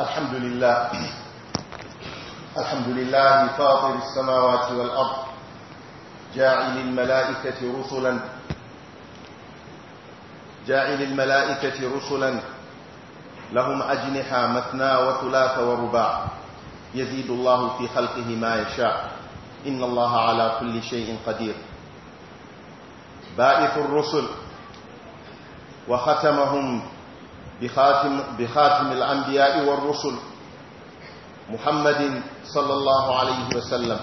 الحمد لله الحمد لله فاطر السماوات والأرض جاعل الملائكة رسلا جاعل الملائكة رسلا لهم أجنحة مثنى وثلاث ورباع يزيد الله في خلقه ما يشاء إن الله على كل شيء قدير بائث الرسل وختمهم بخاتم, بخاتم الأنبياء والرسل محمد صلى الله عليه وسلم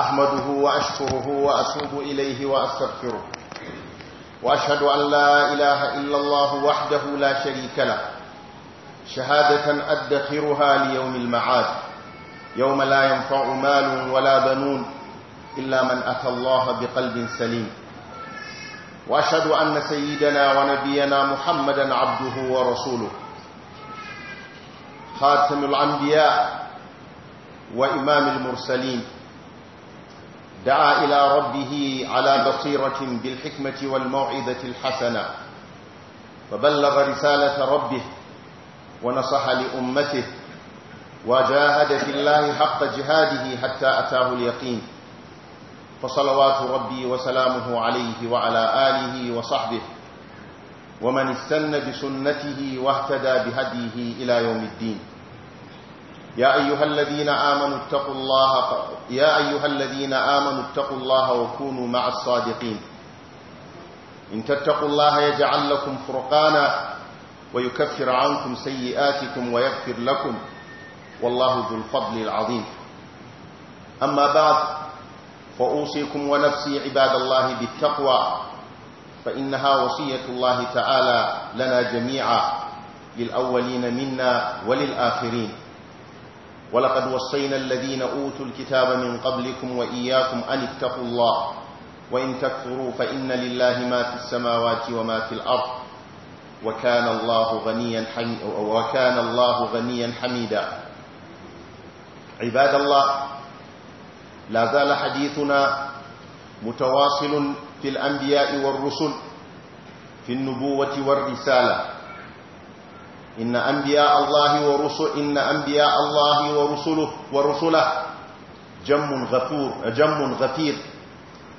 أحمده وأشكره وأتوب إليه وأستغفره وأشهد أن لا إله إلا الله وحده لا شريك له شهادة أدخرها ليوم المعاد يوم لا ينفع مال ولا بنون إلا من أتى الله بقلب سليم وأشهد أن سيدنا ونبينا محمدا عبده ورسوله خاتم الأنبياء وإمام المرسلين دعا إلى ربه على بصيرة بالحكمة والموعظة الحسنة فبلغ رسالة ربه ونصح لأمته وجاهد في الله حق جهاده حتى أتاه اليقين فصلوات ربي وسلامه عليه وعلى آله وصحبه ومن استنى بسنته واهتدى بهديه إلى يوم الدين يا أيها الذين آمنوا اتقوا الله يا أيها الذين آمنوا اتقوا الله وكونوا مع الصادقين إن تتقوا الله يجعل لكم فرقانا ويكفر عنكم سيئاتكم ويغفر لكم والله ذو الفضل العظيم أما بعد وأوصيكم ونفسي عباد الله بالتقوى فإنها وصية الله تعالى لنا جميعا للأولين منا وللآخرين ولقد وصينا الذين أوتوا الكتاب من قبلكم وإياكم أن اتقوا الله وإن تكفروا فإن لله ما في السماوات وما في الأرض وكان الله غنيا وكان الله غنيا حميدا عباد الله لا زال حديثنا متواصل في الأنبياء والرسل في النبوة والرسالة إن أنبياء الله ورسل إن أنبياء الله ورسله ورسله جم غفور جم غفير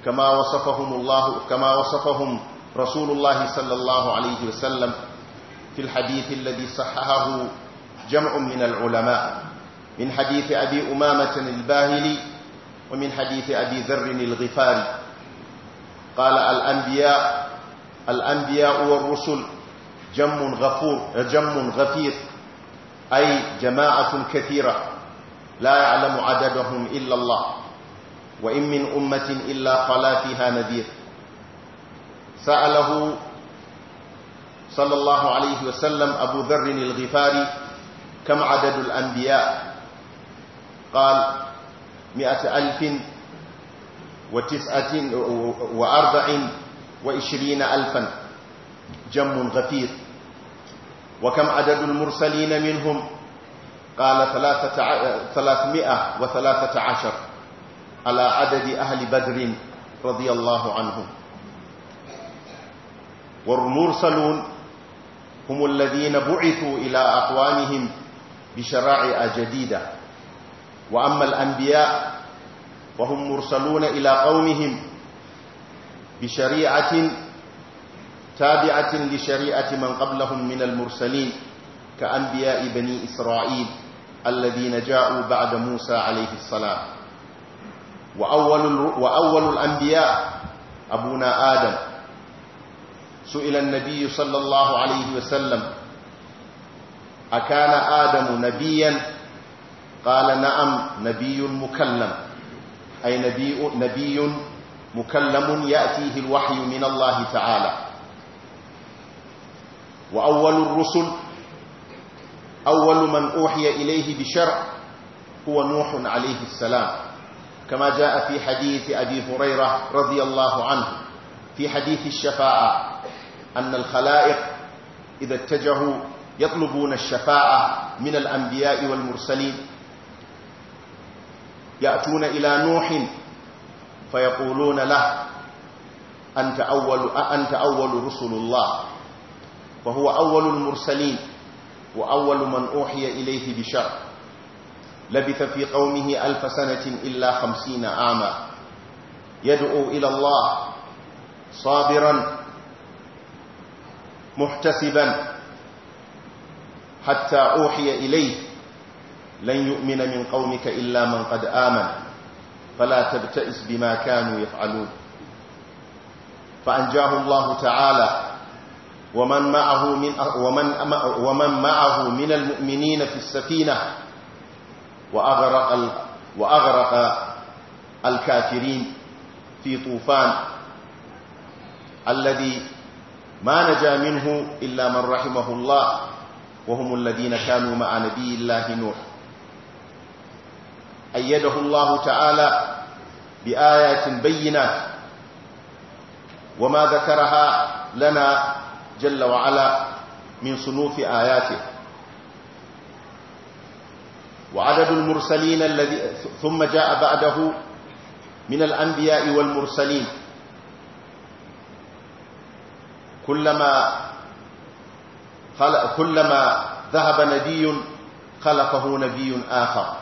كما وصفهم الله كما وصفهم رسول الله صلى الله عليه وسلم في الحديث الذي صححه جمع من العلماء من حديث أبي أمامة الباهلي ومن حديث أبي ذر الغفاري قال الأنبياء الأنبياء والرسل جم غفور جم غفير أي جماعة كثيرة لا يعلم عددهم إلا الله وإن من أمة إلا خلا فيها نذير سأله صلى الله عليه وسلم أبو ذر الغفاري كم عدد الأنبياء قال مئة ألف وتسعة وأربع وعشرين ألفا جم غفير وكم عدد المرسلين منهم قال ثلاثمائة وثلاثة عشر على عدد أهل بدر رضي الله عنهم والمرسلون هم الذين بعثوا إلى أقوامهم بشرائع جديدة وأما الأنبياء وهم مرسلون إلى قومهم بشريعة تابعة لشريعة من قبلهم من المرسلين كأنبياء بني إسرائيل الذين جاءوا بعد موسى عليه السلام وأول, وأول الأنبياء أبونا آدم سئل النبي صلى الله عليه وسلم أكان آدم نبياً قال نعم نبي مكلم أي نبي, نبي مكلم يأتيه الوحي من الله تعالى وأول الرسل أول من أوحي إليه بشرع هو نوح عليه السلام كما جاء في حديث أبي هريرة رضي الله عنه في حديث الشفاعة أن الخلائق إذا اتجهوا يطلبون الشفاعة من الأنبياء والمرسلين يأتون إلى نوح فيقولون له أنت أول, أنت أول رسل الله وهو أول المرسلين وأول من أوحي إليه بشر لبث في قومه ألف سنة إلا خمسين عاما يدعو إلى الله صابرا محتسبا حتى أوحي إليه لن يؤمن من قومك إلا من قد آمن فلا تبتئس بما كانوا يفعلون فأنجاه الله تعالى ومن معه من ومن ومن معه من المؤمنين في السفينة وأغرق وأغرق الكافرين في طوفان الذي ما نجا منه إلا من رحمه الله وهم الذين كانوا مع نبي الله نوح أيده الله تعالى بآيات بينات وما ذكرها لنا جل وعلا من صنوف آياته وعدد المرسلين الذي ثم جاء بعده من الأنبياء والمرسلين كلما كلما ذهب نبي خلفه نبي آخر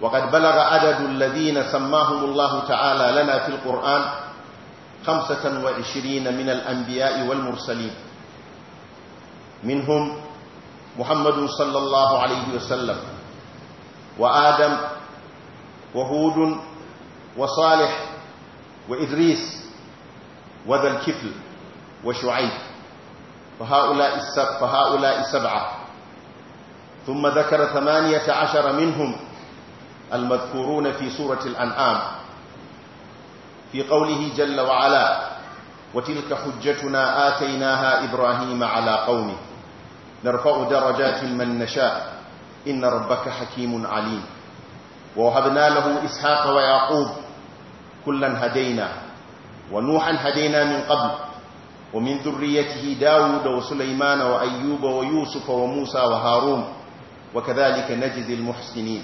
وقد بلغ عدد الذين سماهم الله تعالى لنا في القرآن خمسة وعشرين من الأنبياء والمرسلين منهم محمد صلى الله عليه وسلم وآدم وهود وصالح وإدريس وذا الكفل وشعيب فهؤلاء, فهؤلاء سبعة ثم ذكر ثمانية عشر منهم المذكورون في سورة الأنعام في قوله جل وعلا وتلك حجتنا آتيناها إبراهيم على قومه نرفع درجات من نشاء إن ربك حكيم عليم ووهبنا له إسحاق ويعقوب كلا هدينا ونوحا هدينا من قبل ومن ذريته داود وسليمان وأيوب ويوسف وموسى وهارون وكذلك نجد المحسنين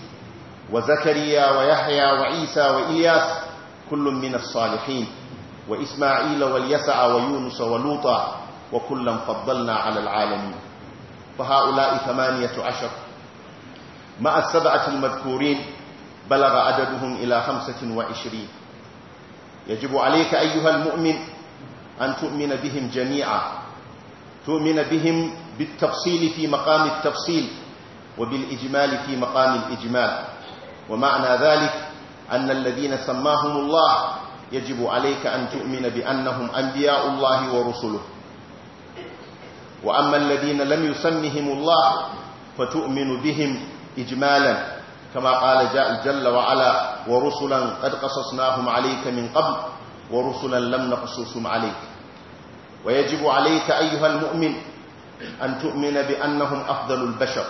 وزكريا ويحيى وعيسى وإياس كل من الصالحين وإسماعيل واليسع ويونس ولوطا وكلا فضلنا على العالمين فهؤلاء ثمانية عشر مع السبعة المذكورين بلغ عددهم إلى خمسة وعشرين يجب عليك أيها المؤمن أن تؤمن بهم جميعا تؤمن بهم بالتفصيل في مقام التفصيل وبالإجمال في مقام الإجمال ومعنى ذلك أن الذين سماهم الله يجب عليك أن تؤمن بأنهم أنبياء الله ورسله وأما الذين لم يسمهم الله فتؤمن بهم إجمالا كما قال جل وعلا ورسلا قد قصصناهم عليك من قبل ورسلا لم نقصصهم عليك ويجب عليك أيها المؤمن أن تؤمن بأنهم أفضل البشر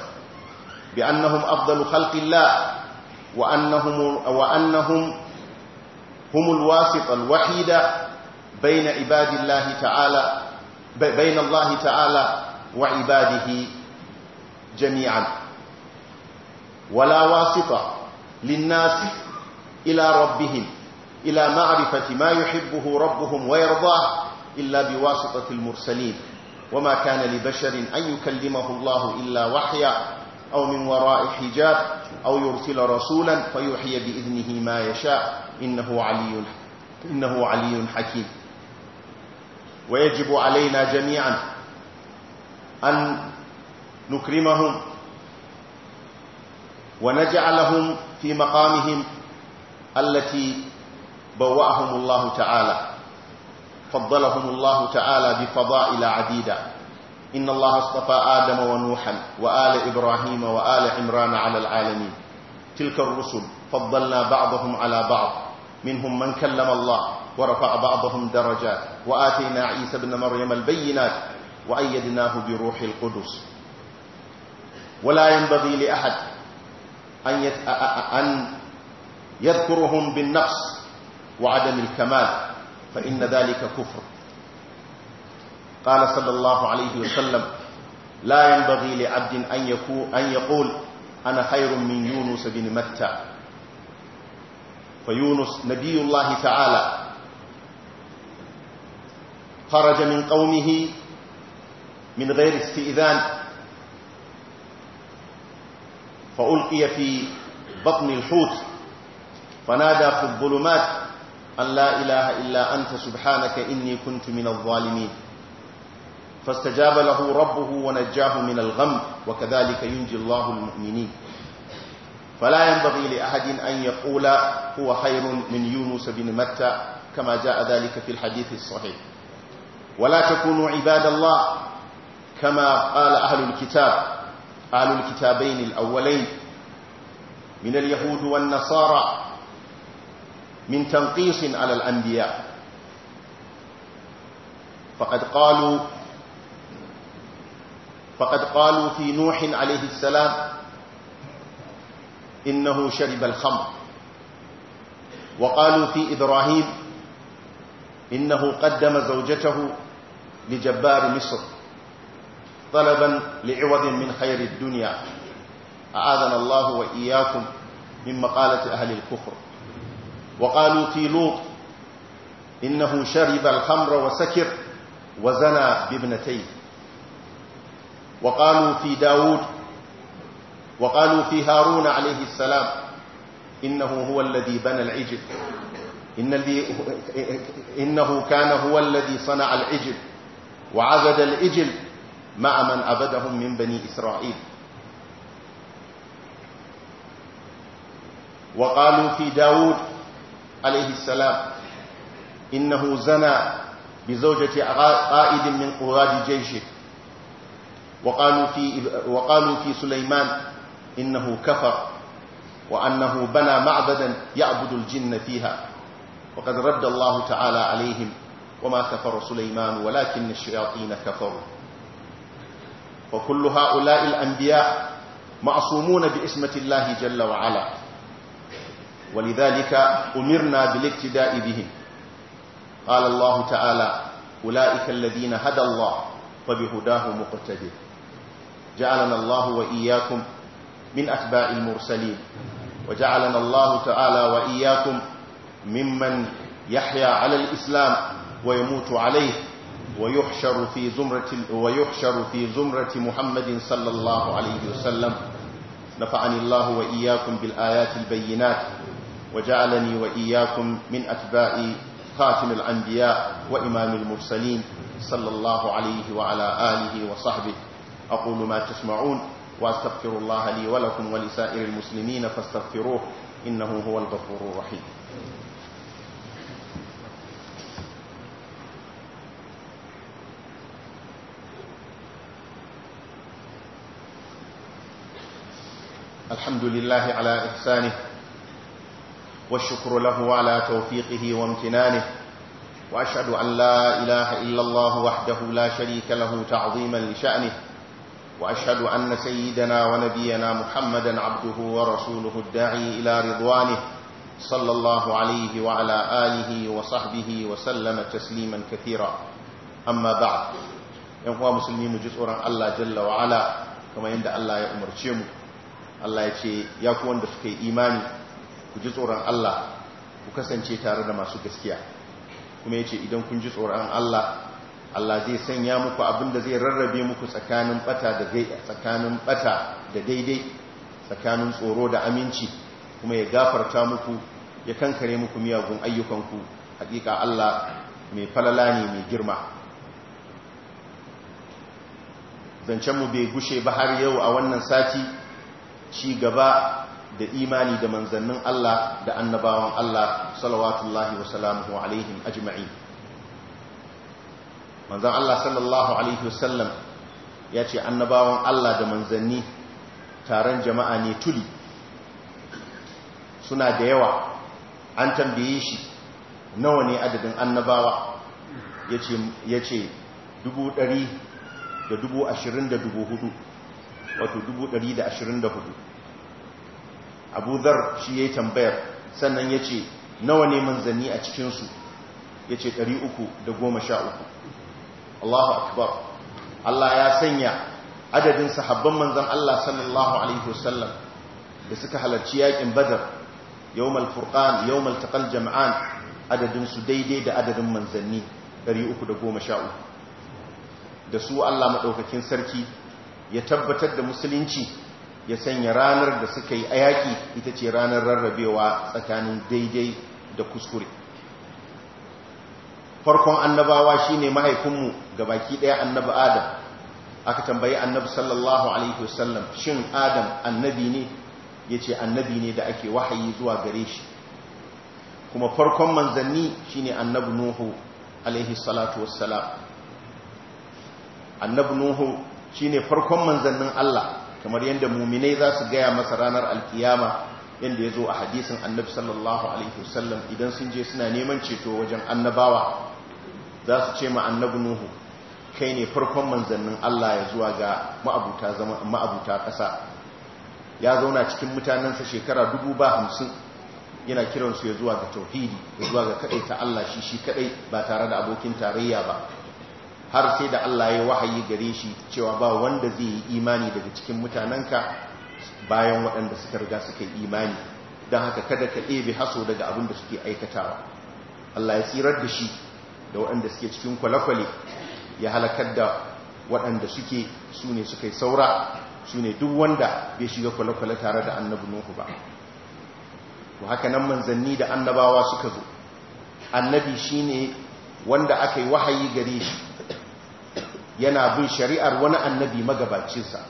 بأنهم أفضل خلق الله وأنهم, وأنهم هم الواسطة الوحيدة بين عباد الله تعالى بين الله تعالى وعباده جميعا ولا واسطة للناس إلى ربهم إلى معرفة ما يحبه ربهم ويرضاه إلا بواسطة المرسلين وما كان لبشر أن يكلمه الله إلا وحيا أو من وراء حجاب أو يرسل رسولا فيوحي بإذنه ما يشاء إنه علي, إنه علي حكيم ويجب علينا جميعا أن نكرمهم ونجعلهم في مقامهم التي بوأهم الله تعالى فضلهم الله تعالى بفضائل عديدة إن الله اصطفى آدم ونوحا وآل إبراهيم وآل عمران على العالمين تلك الرسل فضلنا بعضهم على بعض منهم من كلم الله ورفع بعضهم درجات وآتينا عيسى ابن مريم البينات وأيدناه بروح القدس ولا ينبغي لأحد أن, أن يذكرهم بالنقص وعدم الكمال فإن ذلك كفر قال صلى الله عليه وسلم لا ينبغي لعبد أن, أن يقول أنا خير من يونس بن متى فيونس نبي الله تعالى خرج من قومه من غير استئذان فألقي في بطن الحوت فنادى في الظلمات أن لا إله إلا أنت سبحانك إني كنت من الظالمين فاستجاب له ربه ونجاه من الغم وكذلك ينجي الله المؤمنين فلا ينبغي لأحد أن يقول هو خير من يونس بن متى كما جاء ذلك في الحديث الصحيح ولا تكونوا عباد الله كما قال أهل الكتاب أهل الكتابين الأولين من اليهود والنصارى من تنقيص على الأنبياء فقد قالوا فقد قالوا في نوح عليه السلام إنه شرب الخمر وقالوا في إبراهيم إنه قدم زوجته لجبار مصر طلبا لعوض من خير الدنيا أعاذنا الله وإياكم من مقالة أهل الكفر وقالوا في لوط إنه شرب الخمر وسكر وزنى بابنتيه وقالوا في داود وقالوا في هارون عليه السلام إنه هو الذي بنى العجل إن الذي إنه كان هو الذي صنع العجل وعبد العجل مع من عبدهم من بني إسرائيل وقالوا في داود عليه السلام إنه زنى بزوجة قائد من قواد جيشه وقالوا في, وقالوا في سليمان إنه كفر وأنه بنى معبدا يعبد الجن فيها وقد رد الله تعالى عليهم وما كفر سليمان ولكن الشياطين كفروا وكل هؤلاء الأنبياء معصومون بإسمة الله جل وعلا ولذلك أمرنا بالاقتداء بهم قال الله تعالى أولئك الذين هدى الله فبهداه مقتدر جعلنا الله وإياكم من أتباع المرسلين وجعلنا الله تعالى وإياكم ممن يحيا على الإسلام ويموت عليه ويحشر في زمرة ويحشر في زمرة محمد صلى الله عليه وسلم نفعني الله وإياكم بالآيات البينات وجعلني وإياكم من أتباع خاتم الأنبياء وإمام المرسلين صلى الله عليه وعلى آله وصحبه أقول ما تسمعون وأستغفر الله لي ولكم ولسائر المسلمين فاستغفروه إنه هو الغفور الرحيم الحمد لله على إحسانه والشكر له على توفيقه وامتنانه وأشهد أن لا إله إلا الله وحده لا شريك له تعظيما لشأنه وأشهد أن سيدنا ونبينا محمدا عبده ورسوله الداعي إلى رضوانه صلى الله عليه وعلى آله وصحبه وسلم تسليما كثيرا أما بعد ينقوى مسلمين جزء الله جل وعلا كما يندى الله يأمر شمه الله يتشي يكون دفكي إيماني جزء الله ku kasance tare da masu gaskiya kuma ya ce idan kun ji tsoron Allah Allah zai sanya muku abin da zai rarrabe muku tsakanin bata da tsakanin bata da daidai tsakanin tsoro da aminci kuma ya gafarta muku ya kankare muku miyagun ayyukanku hakika Allah mai falala ne mai girma mu bai gushe ba har yau a wannan sati ci gaba da imani da manzannin Allah da annabawan Allah salawatullahi wa alaihim ajma'in manzon Allah sallallahu alaihi wasallam ya ce annabawan Allah da manzanni taron jama'a ne tuli suna da yawa an tambaye shi nawa ne adadin annabawa ya ce dubu ɗari da dubu ashirin da dubu hudu wato dubu ɗari da ashirin da hudu abu shi ya yi tambayar sannan ya ce nawa ne manzanni a cikinsu ya ce ɗari uku da goma sha uku Allahu akbar Allah ya sanya adadin sahabban manzon Allah sallallahu alaihi wasallam da suka halarci yakin badar yawmal furqan yawmal taqal jam'an adadin su daidai da adadin manzanni 313 da su Allah madaukakin sarki ya tabbatar da musulunci ya sanya ranar da suka yi ayaki ita ce ranar rarrabewa tsakanin daidai da kuskure farkon annabawa shine mahaifinmu ga baki ɗaya annabi adam aka tambayi annabi sallallahu alaihi wasallam shin adam annabi ne yace annabi ne da ake wahayi zuwa gare shi kuma farkon manzanni shine annabi nuhu alaihi salatu wassalam annabi nuhu shine farkon manzannin Allah kamar yadda muminai za su gaya masa ranar alkiyama yadda ya zo a hadisin annabi sallallahu alaihi wasallam idan sun je suna neman ceto wajen annabawa za su ce ma annabi nuhu kai ne farkon manzannin Allah ya zuwa ga ma'abuta zama ƙasa ya zauna cikin mutanensa shekara dubu ba hamsin yana kiransu ya zuwa ga tauhidi ya zuwa ga kaɗai ta Allah shi shi kaɗai ba tare da abokin tarayya ba har sai da Allah ya wahayi gare shi cewa ba wanda zai yi imani daga cikin mutanenka bayan waɗanda suka riga suka yi imani don haka kada ka ɗebe haso daga abin da suke aikatawa Allah ya tsirar da shi da waɗanda suke cikin kwale-kwale ya halakar da waɗanda suke su ne suka yi saura su ne duk wanda ya shiga kwale-kwale tare da annabu nuhu ba to haka nan manzanni da annabawa suka zo annabi shi ne wanda aka yi wahayi gare shi yana bin shari'ar wani annabi magabacinsa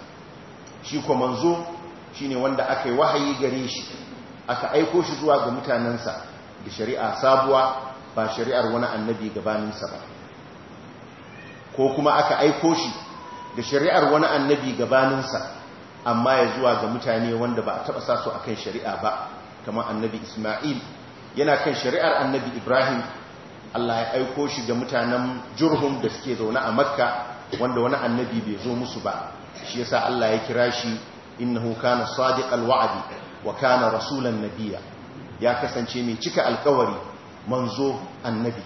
shi kuma manzo Shi ne wanda aka yi wahayi gare shi aka aiko shi zuwa ga mutanensa da shari'a sabuwa ba shari'ar wani annabi gabaninsa ba ko kuma aka aiko shi da shari'ar wani annabi gabaninsa amma ya zuwa ga mutane wanda ba a taba sa su akan shari'a ba kamar annabi Isma'il yana kan shari'ar annabi Ibrahim Allah ya aiko shi ga mutanen Jurhum da suke zaune a Makka wanda wani annabi bai zo musu ba shi yasa Allah ya kira shi innahu kana sadiqal wa'di wa kana rasulan nabiyya ya kasance mai cika alkawari manzo annabi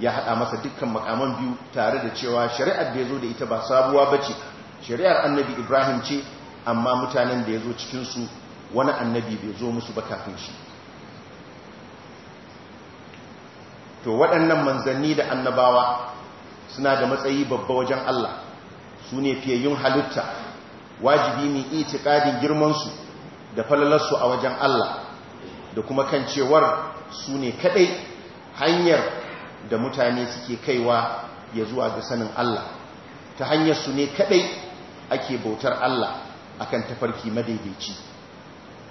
ya hada masa dukkan makaman biyu tare da cewa shari'ar da yazo da ita ba sabuwa bace shari'ar annabi Ibrahim ce amma mutanen da yazo cikin su wani annabi bai zo musu ba kafin shi to waɗannan manzanni da annabawa suna da matsayi babba wajen Allah su ne fiye yin halitta wajibi mu itikadin girman su da falalar su a wajen Allah da kuma kan cewar su ne kadai hanyar da mutane suke kaiwa ya zuwa ga sanin Allah ta hanyar su ne kadai ake bautar Allah akan tafarki madaidaici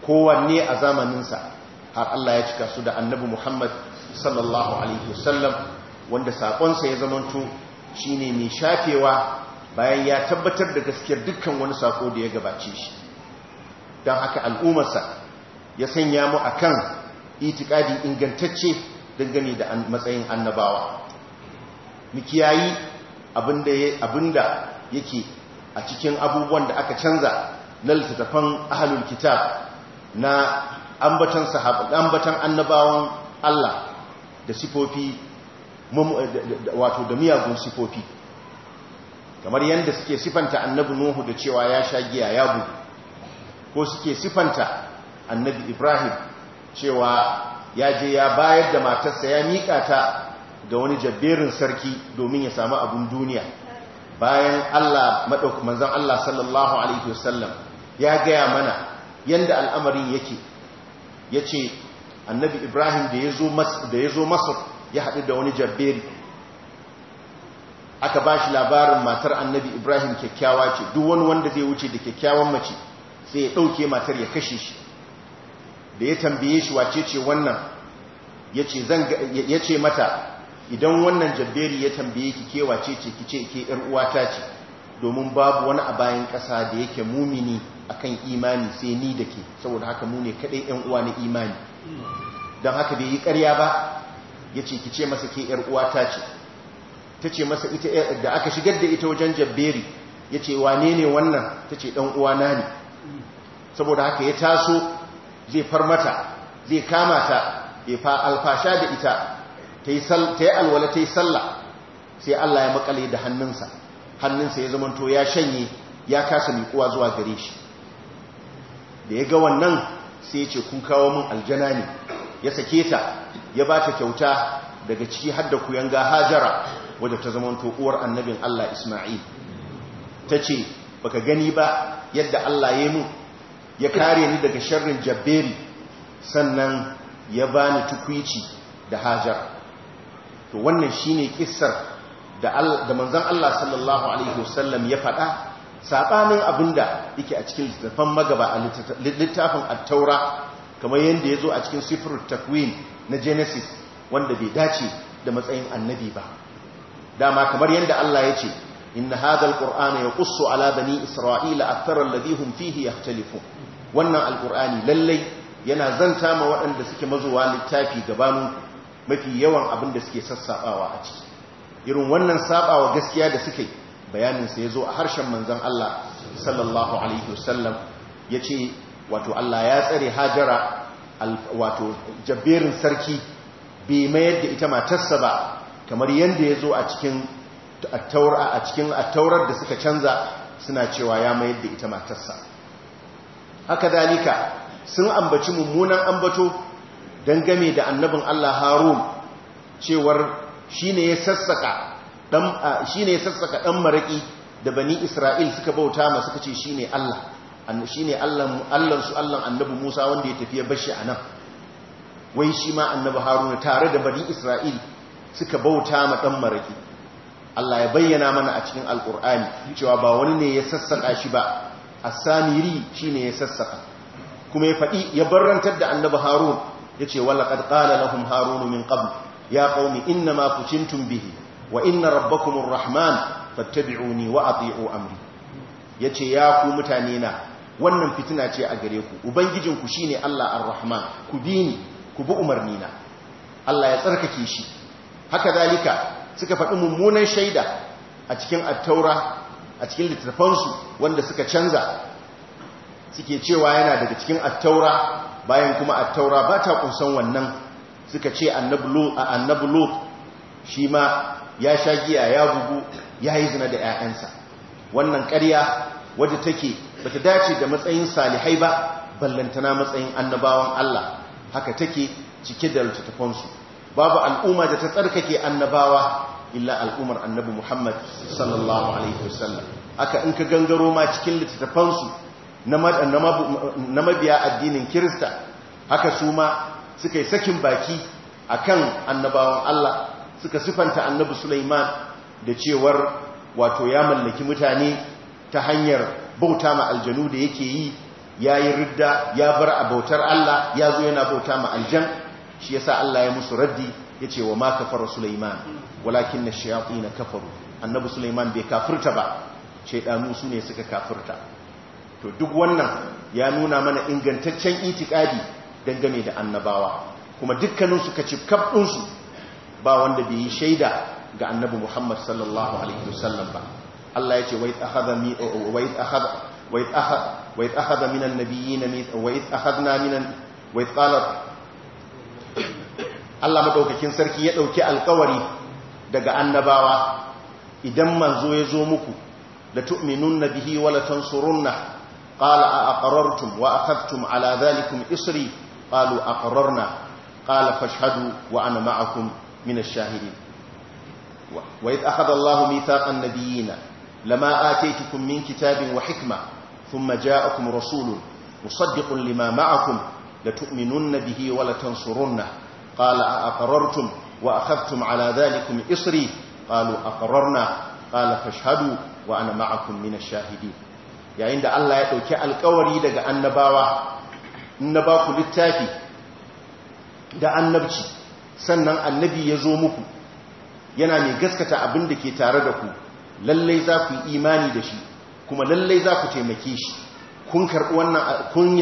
kowanne a zamaninsa har Allah ya cika su da annabi Muhammad sallallahu alaihi wasallam wanda sakonsa ya zamanto shine mai shafewa bayan ya tabbatar da gaskiyar dukkan wani sako da ya gabace shi don haka al'ummarsa ya sanya mu a kan itikadi ingantacce dangane da matsayin annabawa yi abinda yake a cikin abubuwan da aka canza na littattafan ahalul kitab na ambatan ambatan annabawan Allah da sifofi wato da miyagun sifofi kamar yadda suke sifanta annabi nuhu da cewa ya sha giya ya gudu ko suke sifanta annabi ibrahim cewa ya je ya bayar da matarsa ya miƙa ta ga wani jabberin sarki domin ya samu abin duniya bayan allah maɗauki manzan allah sallallahu alaihi wasallam ya gaya mana yadda al'amarin yake ya ce annabi ibrahim da ya zo masar ya haɗu da wani jabberi aka ba shi labarin matar annabi ibrahim kyakkyawa ce duk wani wanda zai wuce da kyakkyawan mace sai ya ɗauke matar ya kashe shi da ya tambaye shi wace ce wannan ya ce mata idan wannan jabberi ya tambaye ki ke wace ce ki ce ke ‘yar uwata ce domin babu wani a bayan ƙasa da yake mumini akan imani sai ni da ke saboda haka mu ne kaɗai ‘yan uwa na imani don haka bai yi karya ba ya ce ki ce masa ke ‘yar uwata ce ta ce masa ita eh, da aka shigar da ita wajen jabberi ya ce wane ne wannan ta ce uwana ne saboda haka ya taso zai farmata zai kama ta ya fa alfasha da ita ta yi alwala ta yi sallah sai Allah ya makale da hannunsa hannunsa ya zamanto ya shanye ya kasa miƙuwa zuwa gare shi da ya ga wannan sai ya ce kun kawo min aljana ne ya sake ta ya ba ta kyauta daga ciki har da kuyanga hajara wadda ta zamanto uwar annabin Allah Isma'il ta ce baka gani ba yadda Allah ya mu ya kare ni daga sharrin jabberi sannan ya bani tukwici da hajar to wannan shine kissar da da manzon Allah sallallahu alaihi wasallam ya faɗa sabanin abinda yake a cikin littafin magaba a littafin at-taura kamar yadda ya zo a cikin sifrut takwin na genesis wanda bai dace da matsayin annabi ba dama kamar yadda Allah ya ce inna hadha alqur'ana yaqussu ala bani isra'ila akthara alladhi hum fihi yakhtalifun wannan alqur'ani lallai yana zanta ma waɗanda suke mazuwa littafi gabanin mafi yawan abin da suke sassabawa a ciki irin wannan sabawa gaskiya da suke bayanin sa yazo a harshen manzon Allah sallallahu alaihi wasallam yace wato Allah ya tsare Hajara wato jabberin sarki bai mayar da ita matarsa ba kamar yadda ya zo a cikin a attaurar da suka canza suna cewa ya mayar da ita matarsa haka dalika sun ambaci mummunan ambato game da annabin Allah Harun cewar shi ne ya sassaka ɗan maraƙi da bani Isra'il suka bauta ma suka ce ne Allah shi Allah Allah su Allah annabi Musa wanda ya tafi ya bashi anan wai shi ma annabi Harun tare da bani Isra'il suka bauta ma dan maraki Allah ya bayyana mana a cikin alkur'ani cewa ba wani ne ya sassaka shi ba as-samiri shine ya sassaka kuma ya fadi ya barrantar da annabi harun yace wala qad qala lahum harun min qabl ya qaumi inna ma futintum bihi wa inna rabbakumur rahman fattabi'uni wa ati'u amri yace ya ku mutane na wannan fitina ce a gare ku ubangijinku shine Allah ar-rahman ku bi ni ku bi umarnina Allah ya tsarkake shi haka zalika suka faɗi mummunan shaida a cikin attaura a cikin littattafansu wanda suka canza suke cewa yana daga cikin attaura bayan kuma attaura ba ta kunsan wannan suka ce annabi lut shi ma ya sha giya ya bugu ya yi zina da 'ya'yansa wannan ƙarya wadda take ba ta dace da matsayin salihai ba ballantana matsayin annabawan Allah haka take cike da littattafansu babu al'umma da ta tsarkake annabawa illa al'ummar annabi Muhammad sallallahu alaihi wasallam aka in ka gangaro ma cikin littattafansu na mabiya addinin Kirista haka su ma suka yi sakin baki akan annabawan Allah suka sifanta annabi Sulaiman da cewar wato ya mallaki mutane ta hanyar bauta ma aljanu da yake yi yayi ridda ya bar a bautar Allah ya zo yana bauta ma aljan shi yasa Allah ya musu raddi yace wa ma kafara Sulaiman walakin ash-shayatin kafaru annabi Sulaiman bai kafirta ba shaydanu su ne suka kafirta to duk wannan ya nuna mana ingantaccen itikadi dangane da annabawa kuma dukkanin su ci kabdin su ba wanda bai yi shaida ga annabi Muhammad sallallahu alaihi wasallam ba Allah yace wa mi wa id wa id wa nabiyyin wa minan wa id Allah madaukakin sarki ya dauki alkawari daga annabawa idan manzo ya zo muku la tu'minunna bihi wa la tansurunna qala a aqarartum wa akhadhtum ala dhalikum isri qalu aqararna qala fashhadu wa ana ma'akum min ash-shahidin wa id akhadha Allahu mithaqan nabiyina lama ataytukum min kitabin wa hikma thumma ja'akum rasulun musaddiqun lima ma'akum la tu'minunna bihi wa la tansurunna قال أقررتم وأخذتم isri ذلكم إصري قالوا أقررنا قال فاشهدوا وأنا معكم من الشاهدين yayin da Allah ya ɗauki alkawari daga annabawa na baku littafi da annabci sannan annabi ya zo muku yana mai gaskata abin da ke tare da ku lallai za ku yi imani da shi kuma lallai za ku taimake shi kun karɓi wannan kun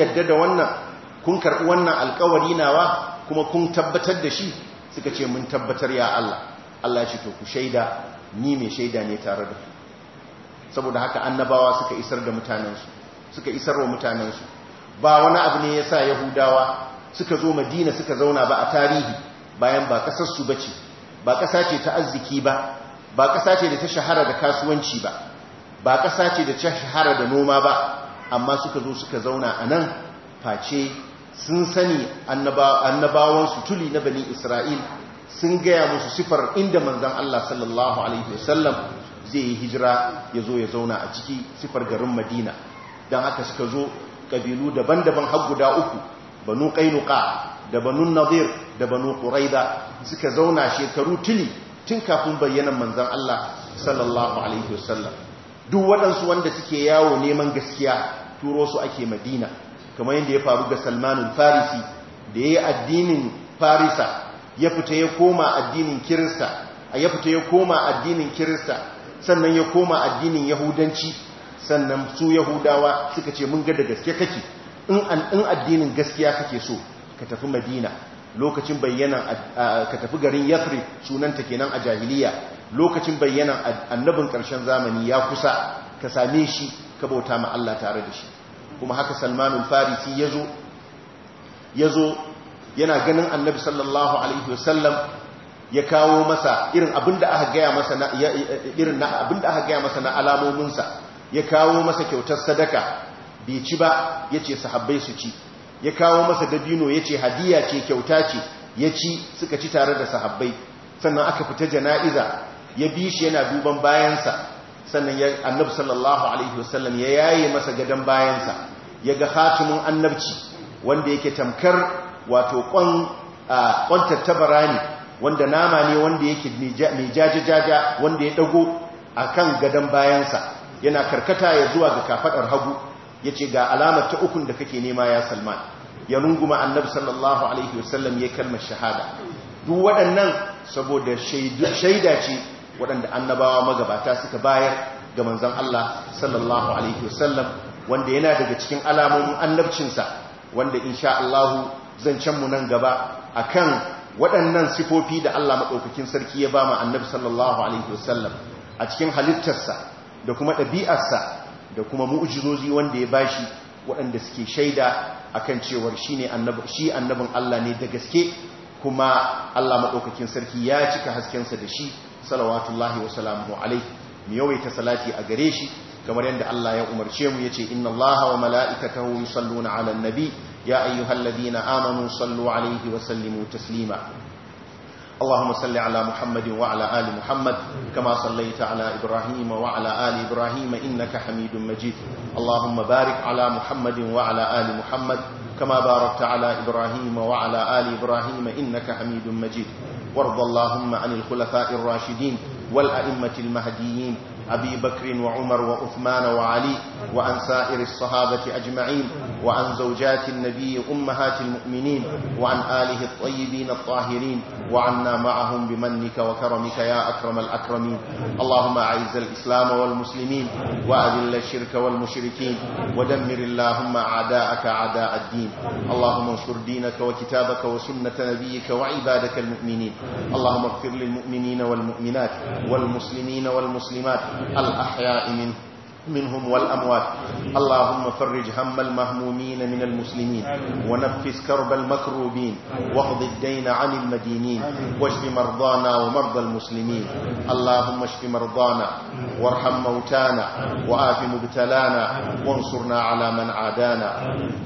kun karɓi wannan alkawari nawa kuma kun tabbatar da shi suka ce mun tabbatar ya Allah Allah shi to ku shaida ni mai shaida ne tare da ku saboda haka annabawa suka isar da mutanensu suka isar wa mutanensu ba wani abu ne ya sa yahudawa suka zo madina suka zauna ba a tarihi bayan ba ƙasarsu ba ce, ba kasa ce ta arziki ba ba kasa ce da ta shahara da kasuwanci ba ba kasa ce da ta shahara da noma ba amma suka zo suka zauna a nan face sun sani annabawansu tuli na bani isra'il sun gaya musu sifar inda manzan Allah sallallahu alaihi wasallam zai yi hijira ya zo ya zauna a ciki sifar garin madina don haka suka zo kabilu daban-daban har guda uku banu kainuka da banu nazir da banu ƙuraida suka zauna shekaru tuli tun kafin bayyanan manzan Allah sallallahu alaihi wasallam duk waɗansu wanda suke yawo neman gaskiya turo su ake madina kamar yadda ya faru ga salmanin farisi da ya yi addinin farisa ya fita ya koma addinin kirista a ya fita ya koma addinin kirista sannan ya koma addinin yahudanci sannan su yahudawa suka ce mun ga da gaske kake in addinin gaskiya kake so ka tafi madina lokacin bayyana ka tafi garin yathrib sunanta kenan a jahiliya lokacin bayyana annabin ƙarshen zamani ya kusa ka same shi ka bauta ma Allah tare da shi kuma haka salmanul farisi ya zo ya zo yana ganin annabi sallallahu alaihi wasallam ya kawo masa irin abinda aka gaya masa na abinda aka gaya masa na alamominsa ya kawo masa kyautar sadaka bai ci ba yace sahabbai su ci ya kawo masa dabino yace hadiya ce kyauta ce ya ci suka ci tare da sahabbai sannan aka fita jana'iza ya bi shi yana duban bayansa sannan annabi sallallahu alaihi wasallam ya yaye masa gadan bayansa ya ga khatimin annabci wanda yake tamkar wato kwan kon tattabara ne wanda nama ne wanda yake mai jajajaja wanda ya dago akan gadan bayansa yana karkata ya zuwa ga kafadar hagu yace ga alamar ta ukun da kake nema ya Salman ya runguma annabi sallallahu alaihi wasallam ya kalmar shahada duk waɗannan saboda shaida ce waɗanda annabawa magabata suka bayar ga manzan Allah sallallahu alaihi wasallam wanda yana daga cikin alamomin annabcinsa wanda insha Allah mu nan gaba a kan waɗannan sifofi da Allah maɗaukakin sarki ya ba mu annabi sallallahu alaihi wasallam a cikin halittarsa da kuma ɗabi'arsa da kuma mu'ujizozi wanda ya bashi waɗanda suke shaida akan cewar shi annabin Allah ne da gaske kuma Allah maɗaukakin sarki ya cika haskensa da shi salawatullahi wa salamuhu alaihi mu yawaita salati a gare shi kamar yadda Allah ya umarce mu yace inna Allaha wa mala'ikatahu yusalluna 'alan nabi ya ayyuhalladhina amanu sallu 'alaihi wa sallimu taslima اللهم صل على محمد وعلى آل محمد كما صليت على إبراهيم وعلى آل إبراهيم إنك حميد مجيد اللهم بارك على محمد وعلى آل محمد كما باركت على إبراهيم وعلى آل إبراهيم إنك حميد مجيد وارض اللهم عن الخلفاء الراشدين والأئمة المهديين أبي بكر وعمر وأثمان وعلي وعن سائر الصحابة أجمعين وعن زوجات النبي أمهات المؤمنين وعن آله الطيبين الطاهرين وعنا معهم بمنك وكرمك يا أكرم الأكرمين اللهم أعز الإسلام والمسلمين وأذل الشرك والمشركين ودمر اللهم أعداءك أعداء الدين اللهم انصر دينك وكتابك وسنة نبيك وعبادك المؤمنين اللهم اغفر للمؤمنين والمؤمنات والمسلمين والمسلمات الأحياء منه منهم والأموات اللهم فرج هم المهمومين من المسلمين ونفس كرب المكروبين واقض الدين عن المدينين واشف مرضانا ومرضى المسلمين اللهم اشف مرضانا وارحم موتانا وآف مبتلانا وانصرنا على من عادانا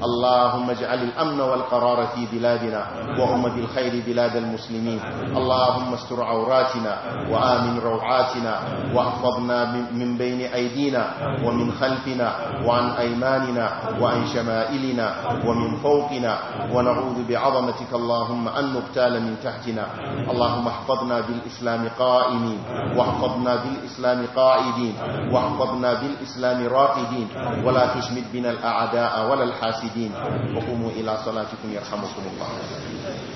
اللهم اجعل الأمن والقرار في بلادنا وهم بالخير بلاد المسلمين اللهم استر عوراتنا وآمن روعاتنا واحفظنا من بين أيدينا ومن خلفنا وعن أيماننا وعن شمائلنا ومن فوقنا ونعوذ بعظمتك اللهم أن نبتال من تحتنا اللهم احفظنا بالإسلام قائمين واحفظنا بالإسلام قائدين واحفظنا بالإسلام راقدين ولا تشمد بنا الأعداء ولا الحاسدين وقوموا إلى صلاتكم يرحمكم الله